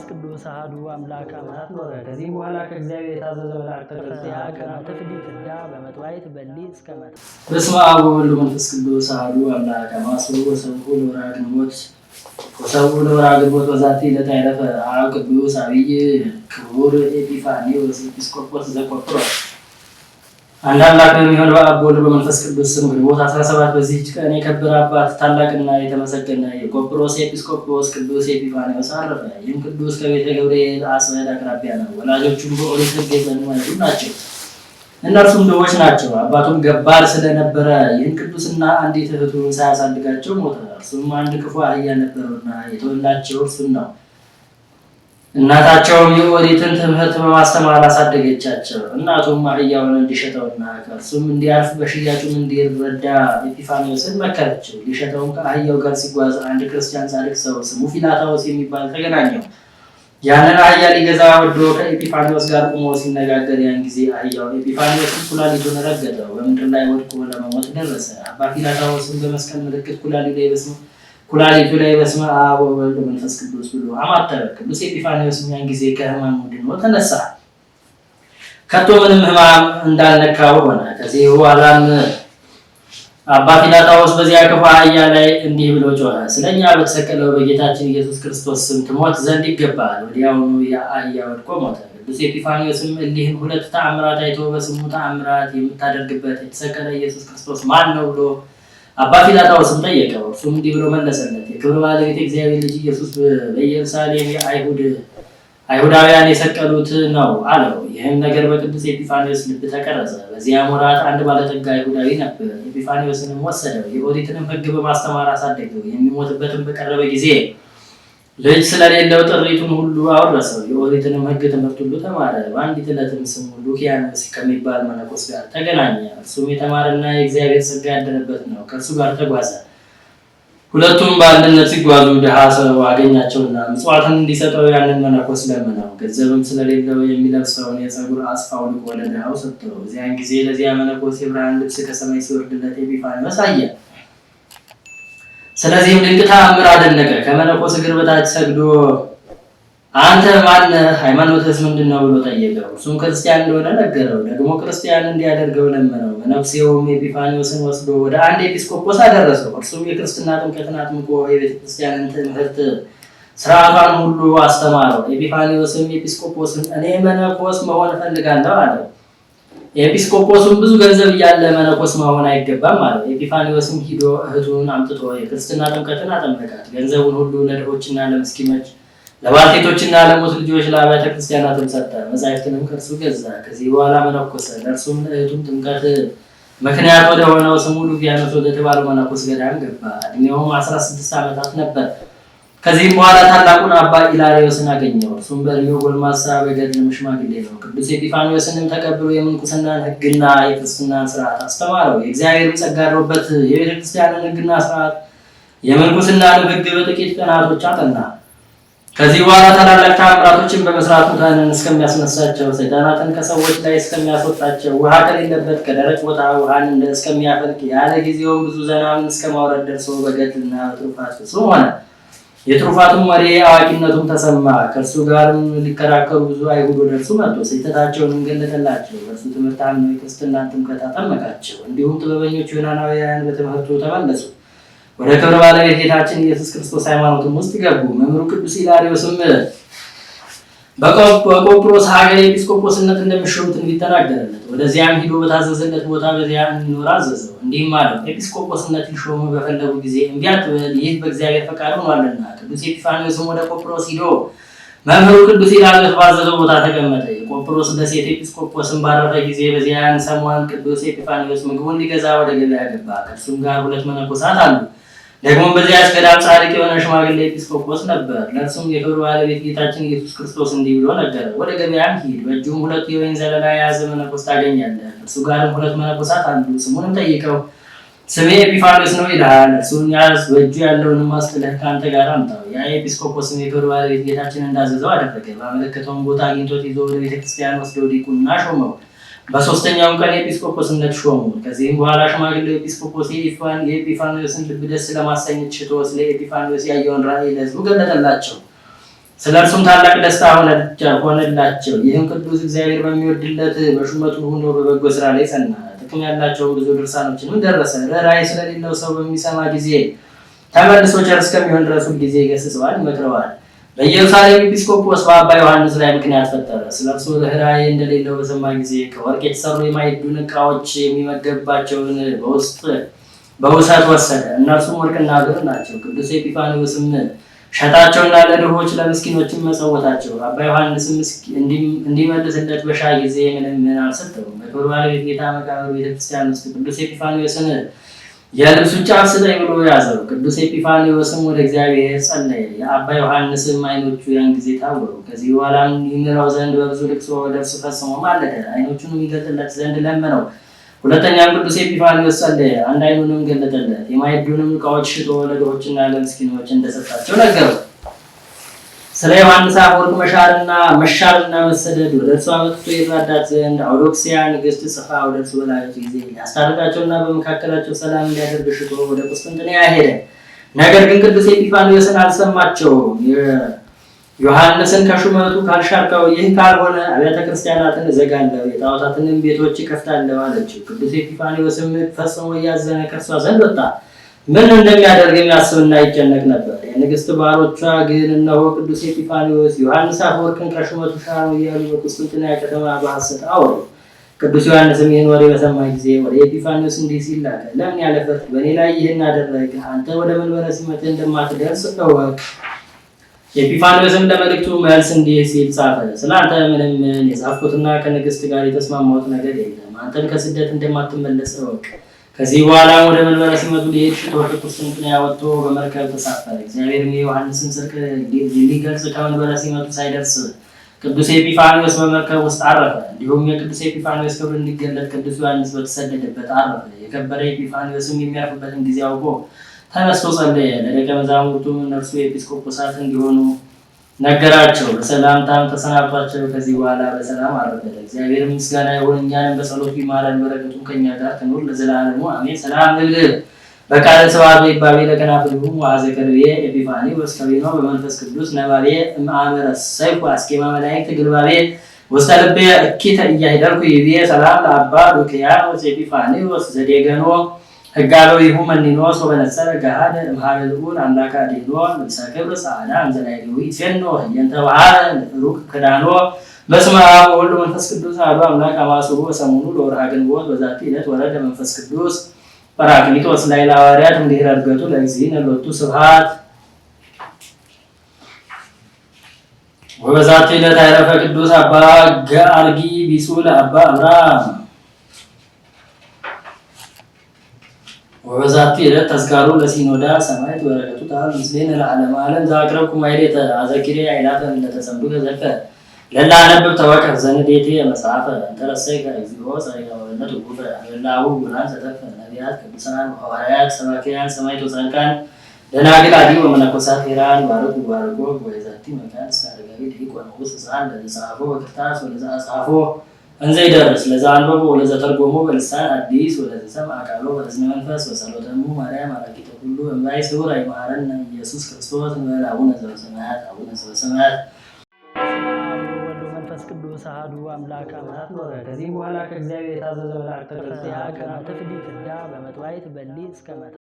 መንፈስ ቅዱስ አህዱ አምላክ አማት ኖረ። ከዚህ በኋላ ከእግዚአብሔር የታዘዘ መልአክ ተከተለ። ከናንተ እዳ በመጥዋይት በሊ እስከ መጣ በስመ አብ ወወልድ ወመንፈስ ቅዱስ አህዱ አምላክ አማስሩ ወሰብሁ ወሰብኡ ግንቦት ወሰብሁ ለወርኃ ግንቦት በዛቲ ዕለት ዐረፈ ቅዱስ አብይ ክቡር ኤጲፋንዮስ ኤጲስቆጶስ ዘቆጵሮስ አንድ አምላክ በሚሆን በአብ በመንፈስ ቅዱስ ስም ግንቦት 17 በዚህች ቀን የከበረ አባት ታላቅና የተመሰገነ የቆጵሮስ ኤጲስቆጶስ ቅዱስ ኤጲፋንዮስ አረፈ። ይህም ቅዱስ ከቤተ ገብርኤል አስመድ አቅራቢያ ነው። ወላጆቹም በኦሪት ሕግ የጸኑ ናቸው። እነርሱም ድሆች ናቸው። አባቱም ገባር ስለነበረ ይህን ቅዱስና አንዲት እህቱን ሳያሳድጋቸው ሞተ። እርሱም አንድ ክፉ አህያ ነበረውና የተወላቸው እርሱም ነው። እናታቸውም የኦሪትን ትምህርት በማስተማር አሳደገቻቸው። እናቱም አህያውን እንዲሸጠውና ከእርሱም እንዲያርፍ በሽያጩም እንዲረዳ ኤጲፋንዮስን መከረችው። ሊሸጠውም ከአህያው ጋር ሲጓዝ አንድ ክርስቲያን ጻድቅ ሰው ስሙ ፊላታዎስ የሚባል ተገናኘው። ያንን አህያ ሊገዛ ወዶ ከኤጲፋንዮስ ጋር ቁሞ ሲነጋገር ያን ጊዜ አህያው ኤጲፋንዮስን ኩላሊቱን ረገጠው፣ በምድር ላይ ወድቆ ለመሞት ደረሰ። አባ ፊላታዎስን በመስቀል ምልክት ኩላሊ ላይ ይበስነው ኩላሊቱ ላይ በስመ አብ ወወልድ መንፈስ ቅዱስ ብሎ አማተረ። ቅዱስ ኤጲፋንዮስ ያን ጊዜ ከህመሙ ድኖ ተነሳ፣ ከቶ ምንም ህማም እንዳልነካው ሆነ። ከዚህ በኋላም አባ ፊላታዎስ በዚያ ክፉ አህያ ላይ እንዲህ ብሎ ጮኸ፣ ስለ እኛ በተሰቀለው በጌታችን ኢየሱስ ክርስቶስ ስም ትሞት ዘንድ ይገባል። ወዲያውኑ አህያ ወድቆ ሞተ። ቅዱስ ኤጲፋንዮስም እሊህን ሁለት ተአምራት አይቶ በስሙ ተአምራት የምታደርግበት የተሰቀለ ኢየሱስ ክርስቶስ ማን ነው ብሎ አባ ፊላጣውስም ጠየቀው፣ እሱም እንዲህ ብሎ መለሰለት። የክብር ባለቤት እግዚአብሔር ልጅ ኢየሱስ በኢየሩሳሌም አይሁድ አይሁዳውያን የሰቀሉት ነው አለው። ይህም ነገር በቅዱስ ኤጲፋኒዎስ ልብ ተቀረጸ። በዚያ ወራት አንድ ባለጠጋ አይሁዳዊ ነበር። ኤጲፋኒዎስንም ወሰደው፣ የኦሪትንም ሕግ በማስተማር አሳደገው። የሚሞትበትም በቀረበ ጊዜ ልጅ ስለሌለው ጥሪቱን ሁሉ አወረሰው። የኦሪትንም ሕግ ትምህርት ሁሉ ተማረ። በአንዲት ዕለትም ስሙ ሉኪያኖስ ከሚባል መነኮስ ጋር ተገናኘ። እርሱም የተማረና የእግዚአብሔር ጸጋ ያደረበት ነው። ከእርሱ ጋር ተጓዘ። ሁለቱም በአንድነት ሲጓዙ ድሃ ሰው አገኛቸውና ምጽዋትን እንዲሰጠው ያንን መነኮስ ለመነው። ገንዘብም ስለሌለው የሚለብሰውን የፀጉር አስፋ አውልቆ ለድሃው ሰጥተው። እዚያን ጊዜ ለዚያ መነኮስ የብርሃን ልብስ ከሰማይ ሲወርድለት ኤጲፋንዮስ አየ። ስለዚህም ድንቅ ተአምር አደነቀ። ከመነኮስ እግር በታች ሰግዶ አንተ ማን ሃይማኖትስ ምንድን ነው ብሎ ጠየቀው። እሱም ክርስቲያን እንደሆነ ነገረው። ደግሞ ክርስቲያን እንዲያደርገው ለመነው። በነፍሴውም ኤጲፋኒዎስን ወስዶ ወደ አንድ ኤጲስቆጶስ አደረሰው። እርሱም የክርስትና ጥምቀትን አጥምቆ የቤተክርስቲያንን ትምህርት ስርዓቷን ሁሉ አስተማረው። ኤጲፋኒዎስም ኤጲስቆጶስን እኔ መነኮስ መሆን እፈልጋለሁ አለው። ኤጲስቆጶስም ብዙ ገንዘብ እያለ መነኮስ መሆን አይገባም ማለት። ኤጲፋኒዎስም ሂዶ እህቱን አምጥቶ የክርስትና ጥምቀትን አጠመቃት። ገንዘቡን ሁሉ ለድሆችና ለምስኪኖች፣ ለባልቴቶችና ለሞት ልጆች ለአብያተ ክርስቲያናትም ሰጠ። መጻሕፍትንም ከእርሱ ገዛ። ከዚህ በኋላ መነኮሰ። ለእርሱም ለእህቱም ጥምቀት ምክንያት ወደሆነው ስሙ ሉቪያኖስ ወደተባለው መነኮስ ገዳም ገባ። እድሜውም አስራ ስድስት ዓመታት ነበር። ከዚህም በኋላ ታላቁን አባ ኢላሪዮስን አገኘው። እርሱም በእድሜው ጎልማሳ በገድልም ሽማግሌ ነው። ቅዱስ ኤጲፋንዮስንም ተቀብሎ የምንኩስናን ሕግና የክርስትናን ስርዓት አስተማረው። የእግዚአብሔር ጸጋ የቤተክርስቲያንን የቤተ ክርስቲያንን ሕግና ስርዓት የምንኩስናን ሕግ በጥቂት ቀናቶች አጠና። ከዚህ በኋላ ታላላቅ ተአምራቶችን በመስራቱ ሙታንን እስከሚያስነሳቸው፣ ሰይጣናትን ከሰዎች ላይ እስከሚያስወጣቸው፣ ውሃ ከሌለበት ከደረቅ ቦታ ውሃን እንደ እስከሚያፈልቅ ያለ ጊዜውም ብዙ ዘናምን እስከማውረድ ደርሶ በገድልና በትሩፋት ፍጹም ሆነ። የትሩፋቱን ወሬ አዋቂነቱም ተሰማ። ከእርሱ ጋርም ሊከራከሩ ብዙ አይሁድ ወደ እርሱ መጡ። ስህተታቸውንም ገለጠላቸው። በእርሱ ትምህርት አምነው የክርስትናን ጥምቀት አጠመቃቸው። እንዲሁም ጥበበኞቹ ዮናናውያን በትምህርቱ ተመለሱ። ወደ ክብረ ባለቤት ጌታችን ኢየሱስ ክርስቶስ ሃይማኖትም ውስጥ ገቡ። መምህሩ ቅዱስ ኢላሪዮስም በቆጵሮስ ሀገር ኤጲስቆጶስነት እንደሚሾሙት እንዲተናገረለት ወደዚያም ሂዶ በታዘዘለት ቦታ በዚያ እንዲኖር አዘዘው። እንዲህም አለው፣ ኤጲስቆጶስነት ሊሾሙ በፈለጉ ጊዜ እምቢ አትበል፣ ይህ በእግዚአብሔር ፈቃድ ሆኗልና። ቅዱስ ኤጲፋንዮስም ወደ ቆጵሮስ ሂዶ መምህሩ ቅዱስ ይላለፍ ባዘዘው ቦታ ተቀመጠ። የቆጵሮስ ደሴት ኤጲስቆጶስን ባረፈ ጊዜ በዚያን ሰሞን ቅዱስ ኤጲፋንዮስ ምግቡን ሊገዛ ወደ ገበያ ገባ። ከእርሱም ጋር ሁለት መነኮሳት አሉ። ደግሞ በዚያ ገዳም ጻድቅ የሆነ ሽማግሌ ኤጲስቆጶስ ነበር። ለእርሱም የክብር ባለቤት ጌታችን ኢየሱስ ክርስቶስ እንዲህ ብሎ ነገረ። ወደ ገበያም ሂድ፣ በእጁም ሁለት የወይን ዘለላ የያዘ መነኮስ ታገኛለህ። እርሱ ጋርም ሁለት መነኮሳት አሉ። ስሙንም ጠይቀው ስሜ ኤጲፋኖስ ነው ይልሃል። እርሱን ያዝ፣ በእጁ ያለውን አስጥለህ ከአንተ ጋር አምጣው። ያ ኤጲስቆጶስም የክብር ባለቤት ጌታችን እንዳዘዘው አደረገ። ባመለከተውም ቦታ አግኝቶት ይዞ ወደ ቤተክርስቲያን ወስደው ዲቁና ሾመው። በሶስተኛውም ቀን ኤጲስቆጶስነት ሾሙ። ከዚህም በኋላ ሽማግሌው ኤጲስቆጶስ የኤጲፋንዮስን ልብ ደስ ለማሰኘት ሽቶ ስለ ኤጲፋንዮስ ያየውን ራእይ ለሕዝቡ ገለጠላቸው። ስለ እርሱም ታላቅ ደስታ ሆነላቸው። ይህም ቅዱስ እግዚአብሔር በሚወድለት በሹመቱ ሆኖ በበጎ ስራ ላይ ጸና። ጥቅም ያላቸው ብዙ ድርሳኖችንም ደረሰ። ራእይ ስለሌለው ሰው በሚሰማ ጊዜ ተመልሶ ቸር እስከሚሆን ድረስ ጊዜ ይገስጸዋል፣ ይመክረዋል በኢየሩሳሌም ኤጲስቆጶስ በአባ ዮሐንስ ላይ ምክንያት ፈጠረ። ስለ እርሱ ርኅራኄ እንደሌለው በሰማ ጊዜ ከወርቅ የተሰሩ የማዕዱን ዕቃዎች የሚመገብባቸውን በውስጥ በውሰት ወሰደ። እነርሱም ወርቅና ብር ናቸው። ቅዱስ ኤጲፋንዮስም ሸጣቸውና ለድሆች ለምስኪኖችም መጸወታቸው። አባ ዮሐንስም እንዲመልስለት በሻ ጊዜ ምንም ምን አልሰጠውም። በክብር ባለቤት ጌታ መቃብር ቤተክርስቲያን ውስጥ ቅዱስ ኤጲፋንዮስን የልብስ ብቻ ስጠኝ ብሎ ያዘው። ቅዱስ ኤጲፋንዮስም ወደ እግዚአብሔር ጸለየ። የአባ ዮሐንስም አይኖቹ ያን ጊዜ ታወሩ። ከዚህ በኋላም ይምራው ዘንድ በብዙ ልቅሶ ወደ እርሱ ፈጽሞ ማለደ። አይኖቹንም ይገልጥለት ዘንድ ለመነው። ሁለተኛም ቅዱስ ኤጲፋንዮስ ጸለየ። አንድ አይኑንም ገለጠለት። የማይዱንም ዕቃዎች ሽጦ ለድሆችና ለምስኪኖች እንደሰጣቸው ነገረው። ስለ ዮሐንስ አፈወርቅ መሻርና መሻርና መሰደድ ወደ እርሱ አመጥቶ ይራዳት ዘንድ አውዶክሲያ ንግስት ጽፋ ወደ እርሱ በላዩት ጊዜ ሊያስታርቃቸውና በመካከላቸው ሰላም እንዲያደርግ ሽቶ ወደ ቁስጥንጥንያ ሄደ። ነገር ግን ቅዱስ ኤጲፋንዮስን አልሰማቸውም። ዮሐንስን ከሹመቱ ካልሻርካው ይህ ካልሆነ አብያተ ክርስቲያናትን እዘጋለሁ፣ የጣዖታትንም ቤቶች ይከፍታለሁ አለችው። ቅዱስ ኤጲፋንዮስም ፈጽሞ እያዘነ ከእርሷ ዘንድ ወጣ። ምን እንደሚያደርግ የሚያስብና ይጨነቅ ነበር። የንግስት ባሮቿ ግን እነሆ ቅዱስ ኤጲፋኒዎስ ዮሐንስ አፈወርቅን ከሹመቱ ሻሩ እያሉ በቁስጥንጥንያ ከተማ በሐሰት አወሩ። ቅዱስ ዮሐንስም ይህን ወሬ በሰማ ጊዜ ወደ ኤጲፋኒዎስ እንዲህ ሲል ላከ። ለምን ያለፈት በእኔ ላይ ይህን አደረገ? አንተ ወደ መንበረ ሲመት እንደማትደርስ እወቅ። ኤጲፋኒዎስም ለመልእክቱ መልስ እንዲህ ሲል ጻፈ። ስለ አንተ ምንም የጻፍኩትና ከንግስት ጋር የተስማማሁት ነገር የለም። አንተን ከስደት እንደማትመለስ እወቅ። ከዚህ በኋላ ወደ መንበረ ሲመቱ ሊሄድ ከመርከብ ቁስጥንጥንያ ያወጡ በመርከብ ተሳፈረ። እግዚአብሔርም የዮሐንስን ስልክ ሊገልጽ ከመንበረ ሲመቱ ሳይደርስ ቅዱስ ኤጲፋኒዎስ በመርከብ ውስጥ አረፈ። እንዲሁም የቅዱስ ኤጲፋኒዎስ ክብር እንዲገለጥ ቅዱስ ዮሐንስ በተሰደደበት አረፈ። የከበረ ኤጲፋኒዎስም የሚያርፍበትን ጊዜ አውቆ ተነስቶ ጸለየ። ለደቀ መዛሙርቱ እነርሱ ኤጲስቆጶሳት እንዲሆኑ ነገራቸው። በሰላምታም ተሰናብቷቸው ከዚህ በኋላ በሰላም አረፈደ። እግዚአብሔር ምስጋና ይሁን፣ እኛንም በጸሎቱ ይማረን፣ በረከቱም ከኛ ጋር ትኑር ለዘላለሙ አሜን። ሰላም ልል በቃለ ሰዋዕቱ ይባቤ ለከናፍል ዋዘ ከርቤ ኤጲፋኒ ወስከቢኖ በመንፈስ ቅዱስ ነባቤ ማህበረ ሰይኩ አስኬማ መላእክት ግልባቤ ውስተ ልቤ እኪተ እያሄደርኩ ይቤ ሰላም ለአባ ሉክያ ወዘኤጲፋኒ ወዘዴገኖ ህጋሎ ይሁ መኒኖ ሶበነጸረ ገሃደ እምሃረ ልዑል አምላከ አዴኖ ንሳ ክብር ጻዕዳ እንዘላይ ደዊት ፌኖ ሩቅ ክዳኖ በስመ አብ መንፈስ ቅዱስ አሐዱ አምላክ አማስቡ ሰሙኑ ለወርሃ ግንቦት በዛቲ ዕለት ወረደ መንፈስ ቅዱስ ጰራቅሊጦስ ላዕለ ሐዋርያት እንዲህ ረገጡ ለእግዚእነ ሎቱ ስብሐት ወበዛቲ ዕለት አረፈ ቅዱስ አባ ገአርጊ ቢጹ ለአባ አብርሃም ወበዛቲ ዕለት ተዝካሩ ለሲኖዳ ሰማዕት በረከቱ ተዓል ምስሌነ ለዓለመ ዓለም ዘአቅረብኩ ማሕሌተ አዘኪሬ አዕላፈ እምነተጸምዱከ ዘልፈ ለላ አነብብ ተወከፍ ዘንዴቴ መጽሐፈ እንተ እግዚኦ ጸሪቀ ጉፈ አበላው ጉናን ዘተፈ ነቢያት ቅዱሳን ሐዋርያት ሰባክያን ሰማዕት ወጻድቃን ደናግል አዲ ወመነኮሳት ሄራን ባረኩ ባረኮ ወይዛቲ መካን ሳረጋቢ ዲቆ ንጉስ ህፃን ለዘ ጸሐፎ በክርታስ እንዘ ይደርስ ለዛ አንበቦ ወለዘ ተርጎሞ በልሳን አዲስ ወለዘ ሰምዐ ቃሎ በእዝነ መንፈስ ወጸሎተሙ ማርያም አራቂተ ኩሉ እምራይ ስውር አይማረና ኢየሱስ ክርስቶስ እንበል አቡነ ዘበሰማያት አቡነ ዘበሰማያት ቅዱስ አሐዱ አምላክ አማት ኖረ። ከዚህ በኋላ ከእግዚአብሔር የታዘዘ መልአክ ተቀርጽ ያቀናተፍዲ ፍዳ በመጥዋይት በሊ እስከ መጣ